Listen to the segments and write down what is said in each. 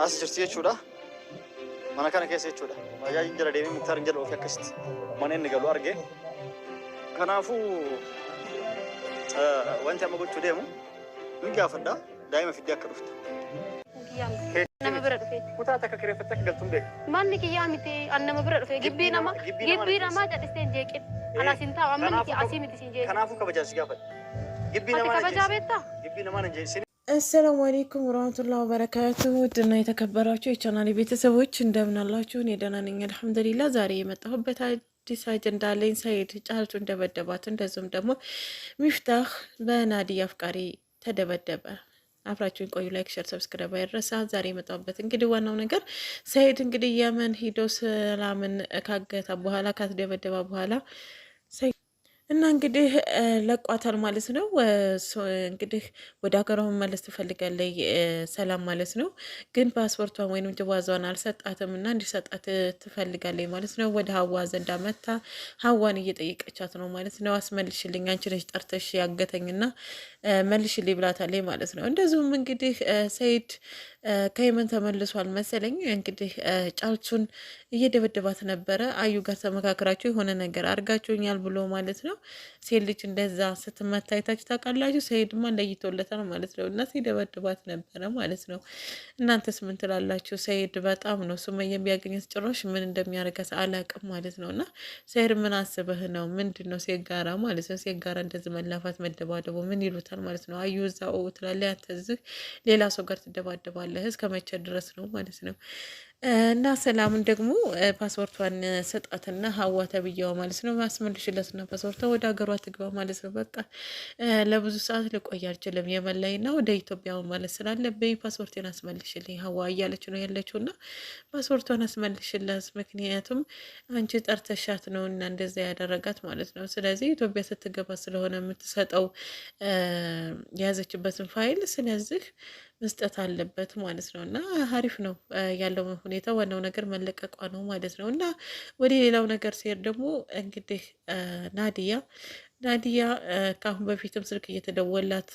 as jirti jechuudha. Mana kana keessa jechuudha. Baajaajiin jala deemee muktaariin jala ofii akkasitti maneen inni galu argee. Kanaafuu wanti amma gochuu deemu ni gaafadha. Daa'ima fiddee akka dhufta. Nama bira dhufee. Kutaa takka kireeffattee akka galtuun beeka. Manni kiyyaa miti annama bira dhufee gibbii nama gibbii namaa jedhistee hin jeeqin. Anas hin taa'u amma miti asii miti siin jeeqin. Kanaafuu kabajaan si gaafadha. Gibbii namaa hin jeeqin. Ati kabajaa beektaa? Gibbii namaa hin jeeqin. አሰላሙ አሌይኩም ወረህመቱላሂ ወበረካቱሁ ውድና የተከበራችሁ የቻናሌ ቤተሰቦች እንደምን አላችሁ? እኔ ደህና ነኝ አልሐምዱሊላህ። ዛሬ የመጣሁበት አዲስ አጀንዳ አለኝ። ሰኢድ ጫልቱ እንደበደባት እንደዚሁም ደግሞ ሚፍታህ በናዲያ አፍቃሪ ተደበደበ። አብራችሁን ቆዩ። ላይክ፣ ሸር፣ ሰብስክራይብ አይረሳ። ዛሬ የመጣሁበት እንግዲህ ዋናው ነገር ሰኢድ እንግዲህ የመን ሂዶ ሰላምን ካገታ በኋላ ካስደበደባ በኋላ እና እንግዲህ ለቋታል ማለት ነው። እንግዲህ ወደ ሀገሯ መመለስ ትፈልጋለች ሰላም ማለት ነው። ግን ፓስፖርቷን ወይም ጅዋዛዋን አልሰጣትም እና እንዲሰጣት ትፈልጋለች ማለት ነው። ወደ ሀዋ ዘንዳ መታ ሀዋን እየጠየቀቻት ነው ማለት ነው። አስመልሽልኝ፣ አንቺ ነሽ ጠርተሽ ያገተኝና መልሽልኝ ብላታለች ማለት ነው። እንደዚሁም እንግዲህ ሰይድ ከየመን ተመልሷል መሰለኝ። እንግዲህ ጫልቹን እየደበደባት ነበረ። አዩ ጋር ተመካክራችሁ የሆነ ነገር አድርጋችሁኛል ብሎ ማለት ነው ሴት ልጅ እንደዛ ስትመታ አይታችሁ ታውቃላችሁ? ሰኢድማ ለይቶለታል ማለት ነው። እና ሲደበድባት ነበረ ማለት ነው። እናንተስ ምን ትላላችሁ? ሰይድ በጣም ነው ሱመያ የሚያገኘት ጭራሽ ምን እንደሚያደርጋት አላውቅም ማለት ነው። እና ሰኢድ ምን አስበህ ነው? ምንድን ነው ሴት ጋራ ማለት ነው። ሴት ጋራ እንደዚህ መላፋት መደባደቡ ምን ይሉታል ማለት ነው። አዩ እዛ ትላለህ፣ አንተ እዚህ ሌላ ሰው ጋር ትደባደባለህ። እስከ መቼ ድረስ ነው ማለት ነው። እና ሰላምን ደግሞ ፓስፖርቷን ስጣትና ሀዋ ተብያዋ ማለት ነው ማስመልሽለትና ፓስፖርቷ ወደ ሀገሯ ትግባ ማለት ነው። በቃ ለብዙ ሰዓት ልቆይ አልችልም። የመን ላይ እና ወደ ኢትዮጵያ ማለት ስላለብኝ ፓስፖርቴን አስመልሽልኝ ሀዋ እያለች ነው ያለችው። እና ፓስፖርቷን አስመልሽላት፣ ምክንያቱም አንቺ ጠርተሻት ነው እና እንደዛ ያደረጋት ማለት ነው። ስለዚህ ኢትዮጵያ ስትገባ ስለሆነ የምትሰጠው የያዘችበትን ፋይል ስለዚህ መስጠት አለበት ማለት ነው። እና ሀሪፍ ነው ያለው ሁኔታ ዋናው ነገር መለቀቋ ነው ማለት ነው። እና ወደ ሌላው ነገር ሲሄድ ደግሞ እንግዲህ ናዲያ ናዲያ ከአሁን በፊትም ስልክ እየተደወላት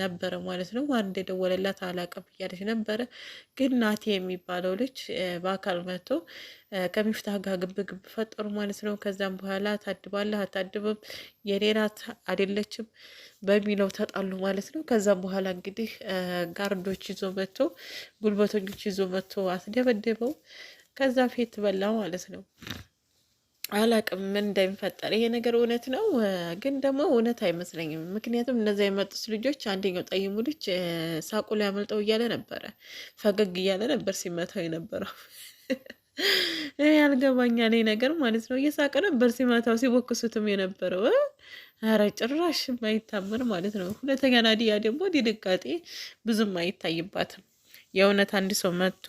ነበረ ማለት ነው። ማን እንደደወለላት አላቀም እያለች ነበረ። ግን ናቲ የሚባለው ልጅ በአካል መጥቶ ከሚፍታህ ጋር ግብ ግብ ፈጠሩ ማለት ነው። ከዛም በኋላ ታድባለህ አታድብም፣ የኔ ናት አይደለችም በሚለው ተጣሉ ማለት ነው። ከዛም በኋላ እንግዲህ ጋርዶች ይዞ መጥቶ ጉልበተኞች ይዞ መጥቶ አስደበደበው። ከዛ ፌት በላ ማለት ነው። አላቅም ምን እንደሚፈጠር ይሄ ነገር እውነት ነው፣ ግን ደግሞ እውነት አይመስለኝም። ምክንያቱም እነዚያ የመጡት ልጆች አንደኛው ጠይሙ ልጅ ሳቁ ሊያመልጠው እያለ ነበረ፣ ፈገግ እያለ ነበር ሲመታው የነበረው። ይሄ ያልገባኛ እኔ ነገር ማለት ነው። እየሳቀ ነበር ሲመታው ሲቦክሱትም የነበረው። ኧረ ጭራሽ አይታምር ማለት ነው። ሁለተኛ ናዲያ ደግሞ ድንጋጤ ብዙም አይታይባትም። የእውነት አንድ ሰው መጥቶ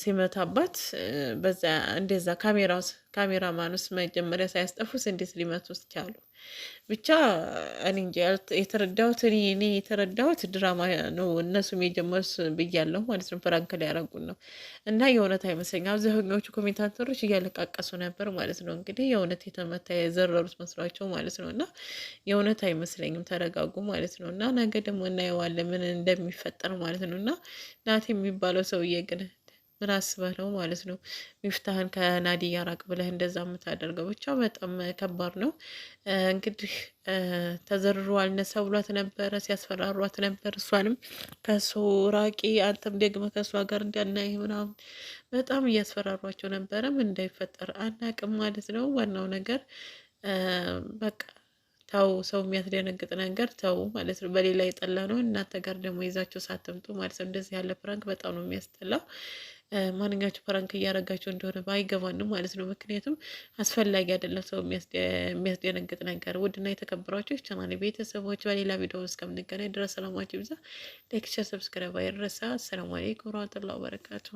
ሲመታባት በዛ እንደዛ ካሜራ ካሜራማኑስ መጀመሪያ ሳያስጠፉስ እንዴት ሊመቱ ቻሉ? ብቻ እኔ እንጃ የተረዳሁት እኔ እኔ የተረዳሁት ድራማ ነው እነሱም የጀመሩት ብያለሁ ማለት ነው። ፕራንክ ላይ ያረጉን ነው እና የእውነት አይመስለኝም። አብዛኛዎቹ ኮሜንታተሮች እያለቃቀሱ ነበር ማለት ነው። እንግዲህ የእውነት የተመታ የዘረሩት መስሏቸው ማለት ነው። እና የእውነት አይመስለኝም። ተረጋጉ ማለት ነው። እና ነገ ደግሞ እናየዋለን ምን እንደሚፈጠር ማለት ነው። እና ናት የሚባለው ሰውዬ ግን ምን አስበህ ነው ማለት ነው ሚፍታህን ከናዲያ ራቅ ብለህ እንደዛ የምታደርገው? ብቻ በጣም ከባድ ነው። እንግዲህ ተዘርሮ አልነሳ ብሏት ነበረ፣ ሲያስፈራሯት ነበር። እሷንም ከሱ ራቂ፣ አንተም ደግመ ከእሷ ጋር እንዲያናይ ምናምን በጣም እያስፈራሯቸው ነበረ። ምን እንዳይፈጠር አናቅም ማለት ነው። ዋናው ነገር በቃ ተው ሰው የሚያስደነግጥ ነገር ተው ማለት ነው። በሌላ የጠላ ነው እናንተ ጋር ደግሞ ይዛችሁ ሳትምጡ ማለት ነው። እንደዚህ ያለ ፕራንክ በጣም ነው የሚያስጠላው። ማንኛችሁ ፕራንክ እያደረጋችሁ እንደሆነ ባይገባንም ማለት ነው። ምክንያቱም አስፈላጊ አይደለም ሰው የሚያስደነግጥ ነገር። ውድና የተከበሯችሁ ቻናል ቤተሰቦች በሌላ ቪዲዮ እስከምንገናኝ ድረስ ሰላማችሁ ይብዛ። ሌክቸር ሰብስክራይብ አይረሳ። አሰላሙ አለይኩም ረመቱላ በረካቱ